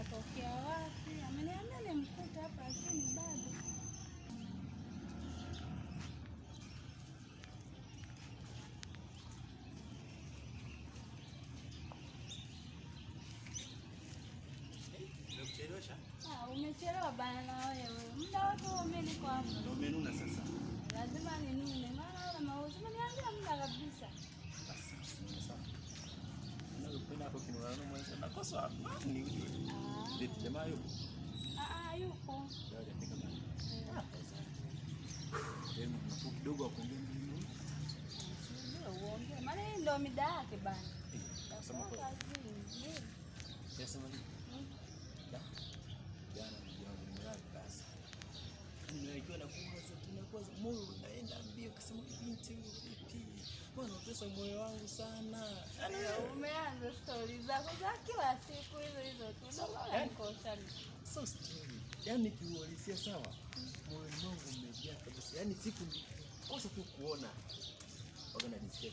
atokea wapi? Ameniambia nimkuta hapa, lakini bado ah, umechelewa bana, na wewe muda umenuna sasa. Lazima ninune, maana mauzo. Umeniambia muda kabisa. Basi, sasa. nakosa amani Vipi jamaa yuko? Ah, ah yuko. Eh. Ah, eh, kidogo maana yeye ndio mida yake bana. Eh, ikiwa nakuwa moyo unaenda mbio, kasema binti huyo vipi bwana, moyo wangu sana. Yaani, eh. Umeanza stori zako za kila siku hizo hizo tu, eh. so stori, yani kiuhalisia sawa, moyo wangu umejaa kabisa, yani siku kosa tu kuona waga najisikia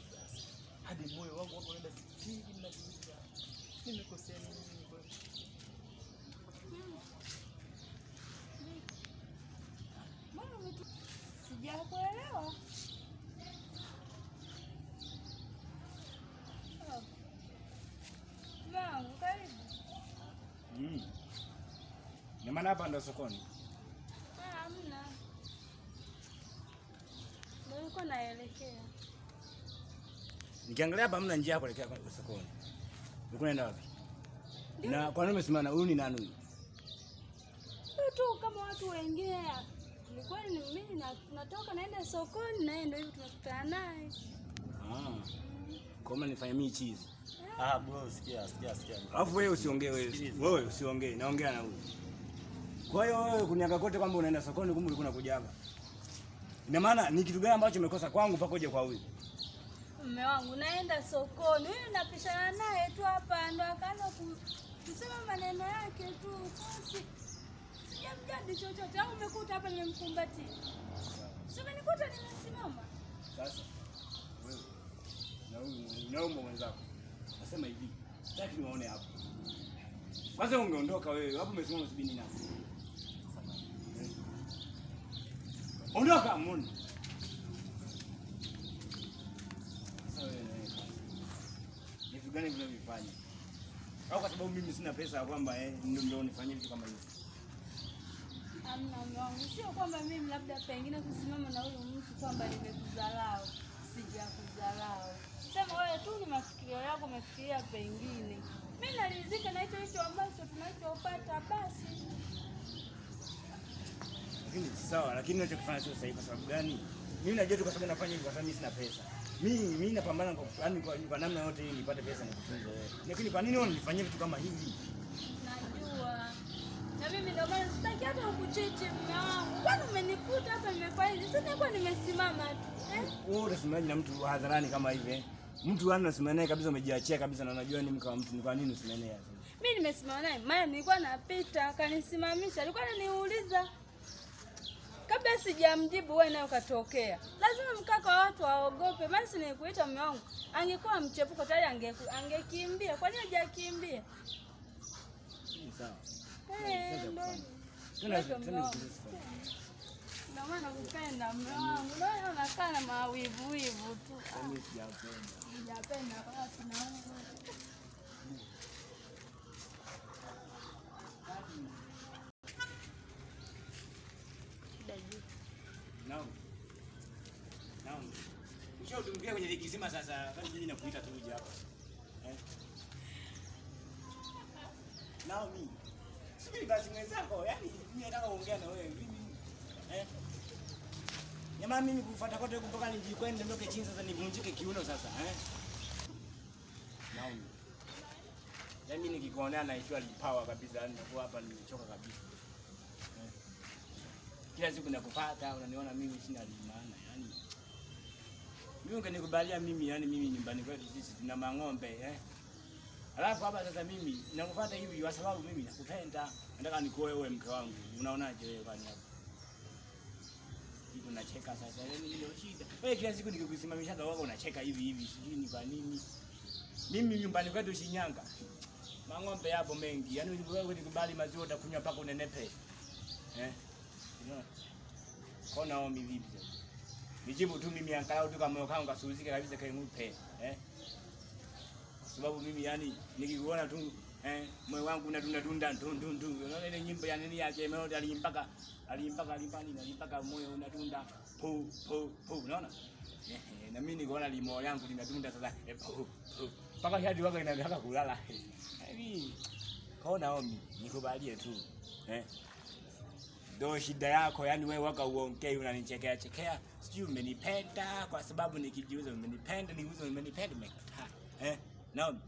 hadi moyo wangu wako unaenda sikili, nimekosea nini? maana hapa ndo sokoni. Ah, hamna. Niko naelekea. Nikiangalia hapa hamna njia ya kuelekea kwa sokoni. Unaenda wapi? Na kwa nini umesimama? Huyu ni nani? Tu kama watu wengine. Ni kweli mimi natoka naenda sokoni naye ndio hivi tunakutana naye. Ah. Kama nifanye mimi chizi. Eh. Ah, bro sikia, sikia, sikia. Alafu wewe usiongee wewe. Wewe usiongee, naongea na huyu. Kwa hiyo wewe kuniaga kote kwamba unaenda sokoni kumbe ulikuwa unakujaga. Ina maana ni kitu gani ambacho umekosa kwangu mpaka uje kwa huyu? Mume wangu naenda sokoni. Huyu napishana naye tu hapa ndo akaanza kusema maneno yake tu. Kosi. Sijamjadi chochote. Au umekuta hapa nimemkumbati. Sasa nikuta nimesimama. Sasa wewe na huyu na mwenzako. Nasema hivi. Sitaki niwaone hapa. Kwanza ungeondoka wewe. Hapo umesimama sibini nani? Ondoka muni. Ni vitu gani vinavyofanya? Au kwa sababu mimi sina pesa ya kwamba eh, ndio ndio nifanyie vitu kama hivi. Amna mwangu, sio kwamba mimi labda pengine kusimama na huyu mtu kwamba nimekudharau, sijakudharau. Sema wewe tu ni mafikirio yako, umefikiria pengine. Mimi naridhika na hicho hicho ambacho tunachopata basi lakini sawa, lakini ninachokifanya sio sahihi. Kwa sababu gani? Mimi najua tu kwa sababu nafanya hivi kwa sababu mimi sina pesa. Mimi mimi napambana kwa yani kwa, kwa namna yote ili nipate pesa nikutunze. Lakini kwa nini unanifanyia vitu kama hivi? Najua. Na mimi ndio maana sitaki hata ukucheche mume wangu. Kwani umenikuta hapa nimefanya Sasa nilikuwa nimesimama tu. Eh? Wewe unasimama na mtu hadharani kama hivi eh? Mtu ana usimame naye kabisa, umejiachia kabisa na unajua ni mka wa mtu, ni kwa nini usimame naye? Mimi nimesimama naye maana nilikuwa napita, akanisimamisha. Alikuwa ananiuliza kabla sijamjibu wewe nayo katokea. Lazima mkaka wa watu aogope, maana si nikuita mume wangu, angekuwa mchepuko tayari ange, angekimbia. Kwa nini hajakimbia? Sawa. Hey, eh, mawivuwivu ukimkia kwenye likizima sasa, mimi nakuita tu uje hapa. Eh? Naomi. Subiri basi mwenzako, yaani mimi nataka kuongea na wewe. Mimi eh? Jamaa mimi kufuata kote huko mpaka nijikweni niondoke chini sasa nivunjike kiuno sasa, eh? Naomi. Yaani mimi nikikuonea na issue alipawa kabisa, yaani nakuwa hapa nimechoka kabisa. Eh? Kila siku nakupata, unaniona mimi sina lima. Mimi ungenikubalia mimi, yani mimi nyumbani kwetu sisi tuna mang'ombe eh. Alafu hapa sasa mimi nakufuata hivi kwa sababu mimi nakupenda. Nataka nikuoe wewe mke wangu. Unaonaje wewe bwana hapo? Kitu nacheka sasa. Yaani hiyo shida. Wewe kila siku nikikusimamisha kwa wako unacheka hivi hivi. Sijui ni kwa nini. Mimi nyumbani kwetu Shinyanga. Mang'ombe yapo mengi. Yaani wewe unikubali maziwa utakunywa mpaka unenepe. Eh? Unaona? Kona ombi vipi sasa? nijibu tu mimi angalau tu kama kangu kasuzike kabisa kanipe eh, kwa sababu mimi yani nikikuona tu eh, moyo wangu unadunda dunda dunda dundu dundu. Unaona ile nyimbo ya nini ya Melody aliimpaka aliimpaka alimpani na alimpaka moyo dunda po po po, unaona na mimi nikaona limo yangu linadunda sasa po eh, po, mpaka hadi waka inaanza kulala hivi. Eh, kaona omi nikubalie tu eh, ndo shida yako yani, wewe waka uongee unanichekea chekea sijui umenipenda kwa sababu nikijiuza umenipenda, niuze umenipenda, umekata Eh, Naomi,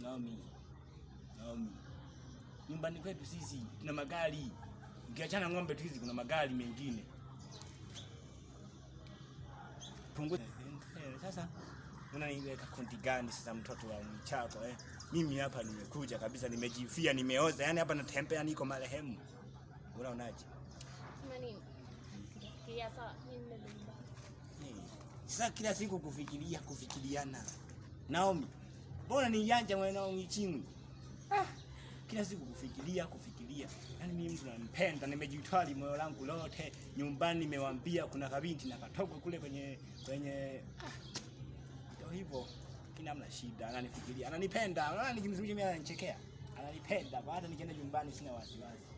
Naomi, Naomi, nyumbani kwetu sisi tuna magari, ukiachana ng'ombe tu hizi, kuna magari mengine. Punguza sasa unaniweka kundi gani sasa, mtoto wa mchako eh? Mimi hapa nimekuja kabisa, nimejifia, nimeoza, yani hapa natembea, niko marehemu. Unaonaje? Sema nini? kufikiria sawa, mimi nimebeba. Sasa kila siku kufikiria, kufikiriana. Naomi, mbona ni yanja mwana wangu chini? Ah, kila siku kufikiria, kufikiria. Yaani mimi mtu nampenda, nimejitwali moyo wangu lote. Nyumbani nimewambia kuna kabinti na katoka kule kwenye kwenye ah. ndio ah. hivyo. Kina mna shida, ananifikiria, ananipenda. Unaona nikimzungumzia mimi ananichekea. Ananipenda, baada nikienda nyumbani sina wasiwasi.